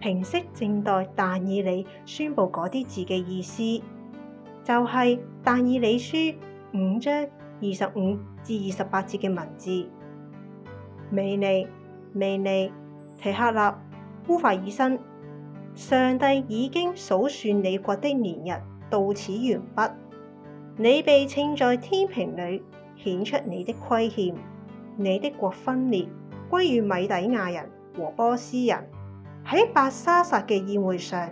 平息正待但以理宣布嗰啲字嘅意思，就係、是、但以理書五章二十五至二十八節嘅文字。美尼美尼提克納烏法以身，上帝已經數算你國的年日，到此完畢，你被稱在天平裏顯出你的虧欠，你的國分裂歸于米底亞人和波斯人。喺伯沙撒嘅宴會上，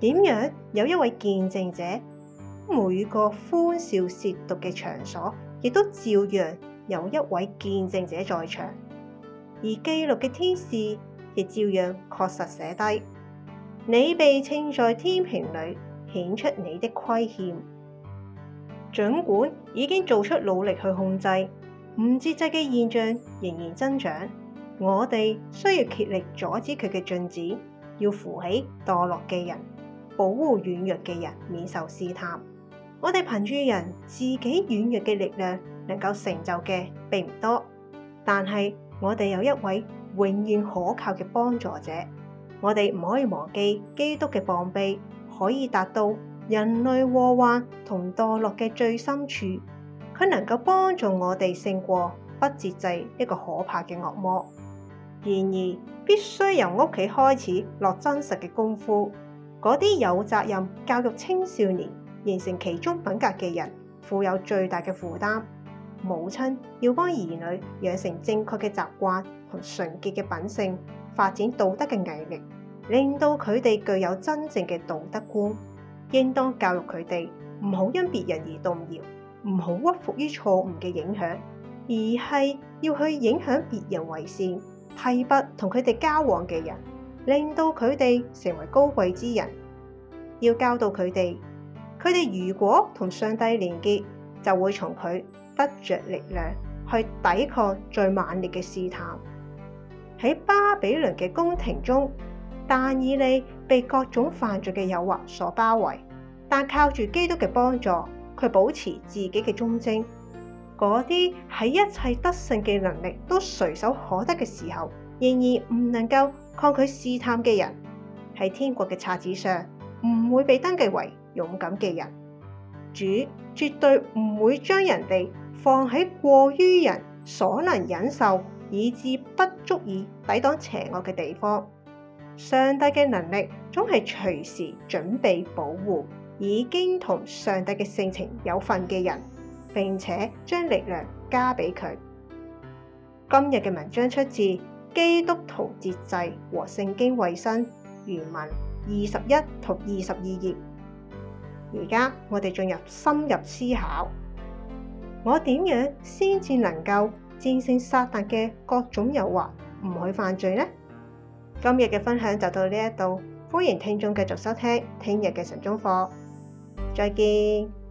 點樣有一位見證者？每個歡笑褻瀆嘅場所，亦都照樣有一位見證者在場。而記錄嘅天使亦照樣確實寫低：你被稱在天平裡顯出你的虧欠。儘管已經做出努力去控制，唔節制嘅現象仍然增長。我哋需要竭力阻止佢嘅進展，要扶起墮落嘅人，保護軟弱嘅人免受試探。我哋憑住人自己軟弱嘅力量，能夠成就嘅並唔多，但係我哋有一位永遠可靠嘅幫助者，我哋唔可以忘記基督嘅膀臂可以達到人類禍患同墮落嘅最深處，佢能夠幫助我哋勝過不節制一個可怕嘅惡魔。然而，必須由屋企開始落真實嘅功夫。嗰啲有責任教育青少年、形成其中品格嘅人，負有最大嘅負擔。母親要幫兒女養成正確嘅習慣同純潔嘅品性，發展道德嘅毅力，令到佢哋具有真正嘅道德觀。應當教育佢哋唔好因別人而動搖，唔好屈服於錯誤嘅影響，而係要去影響別人為善。提拔同佢哋交往嘅人，令到佢哋成為高貴之人。要教導佢哋，佢哋如果同上帝連結，就會從佢得着力量去抵抗最猛烈嘅試探。喺巴比倫嘅宮廷中，但以利被各種犯罪嘅誘惑所包圍，但靠住基督嘅幫助，佢保持自己嘅忠貞。嗰啲喺一切得勝嘅能力都隨手可得嘅時候，仍然唔能夠抗拒試探嘅人，喺天國嘅冊子上唔會被登記為勇敢嘅人。主絕對唔會將人哋放喺過於人所能忍受，以致不足以抵擋邪惡嘅地方。上帝嘅能力總係隨時準備保護已經同上帝嘅性情有份嘅人，並且將力量加俾佢。今日嘅文章出自《基督徒節制和聖經衞生》原文二十一同二十二頁。而家我哋進入深入思考，我點樣先至能夠戰勝撒旦嘅各種誘惑，唔去犯罪呢？今日嘅分享就到呢一度，歡迎聽眾繼續收聽聽日嘅神中課。再見。